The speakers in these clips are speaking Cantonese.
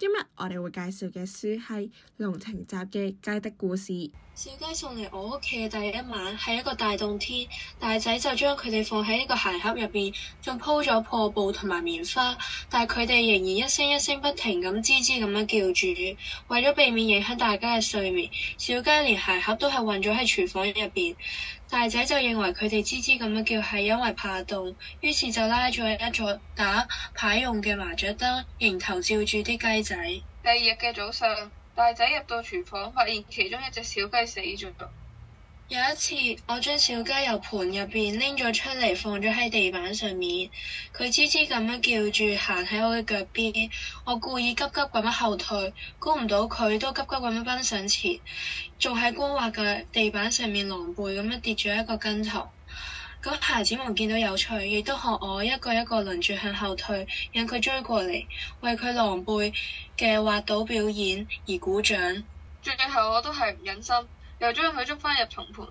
今日我哋會介紹嘅書係《濃情集》嘅雞的故事。小雞送嚟我屋企嘅第一晚係一個大冬天，大仔就將佢哋放喺一個鞋盒入邊，仲鋪咗破布同埋棉花，但係佢哋仍然一聲一聲不停咁吱吱咁樣叫住。為咗避免影響大家嘅睡眠，小雞連鞋盒都係混咗喺廚房入邊。大仔就認為佢哋吱吱咁樣叫係因為怕凍，於是就拉咗一座打牌用嘅麻雀燈，迎頭照住啲雞仔。第二日嘅早上，大仔入到廚房，發現其中一隻小雞死咗。有一次，我將小雞由盤入邊拎咗出嚟，放咗喺地板上面。佢吱吱咁樣叫住行喺我嘅腳邊。我故意急急咁樣後退，估唔到佢都急急咁樣奔上前，仲喺光滑嘅地板上面狼狽咁樣跌咗一個跟頭。嗰啲孩子們見到有趣，亦都學我一個一個輪住向後退，引佢追過嚟，為佢狼狽嘅滑倒表演而鼓掌。最後我都係唔忍心。又將佢捉返入銅盆，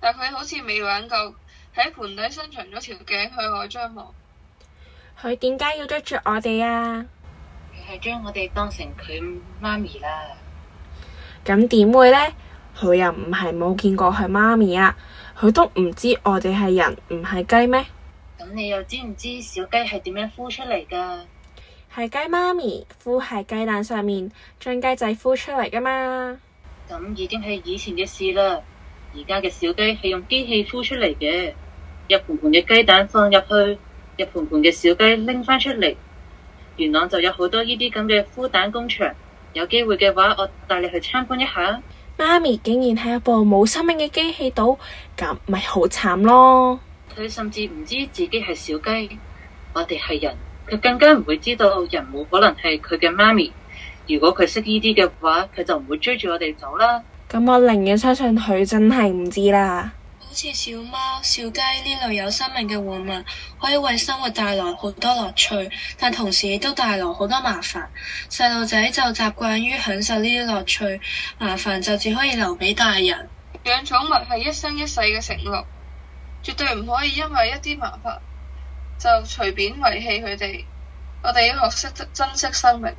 但佢好似未玩夠，喺盆底伸長咗條頸向外張望。佢點解要捉住我哋啊？佢係將我哋當成佢媽咪啦。咁點會呢？佢又唔係冇見過佢媽咪啊！佢都唔知我哋係人唔係雞咩？咁你又知唔知小雞係點樣孵出嚟噶？係雞媽咪孵喺雞蛋上面，將雞仔孵出嚟噶嘛？咁已經係以前嘅事啦，而家嘅小雞係用機器孵出嚟嘅，一盤盤嘅雞蛋放入去，一盤盤嘅小雞拎翻出嚟，元朗就有好多呢啲咁嘅孵蛋工場，有機會嘅話，我帶你去參觀一下。媽咪竟然喺一部冇生命嘅機器度，咁咪好慘咯！佢甚至唔知自己係小雞，我哋係人，佢更加唔會知道人冇可能係佢嘅媽咪。如果佢識呢啲嘅話，佢就唔會追住我哋走啦。咁我寧願相信佢真係唔知啦。好似小貓、小雞呢類有生命嘅玩物，可以為生活帶來好多樂趣，但同時亦都帶來好多麻煩。細路仔就習慣於享受呢啲樂趣，麻煩就只可以留俾大人。養寵物係一生一世嘅承諾，絕對唔可以因為一啲麻煩，就隨便遺棄佢哋。我哋要學識珍惜生命。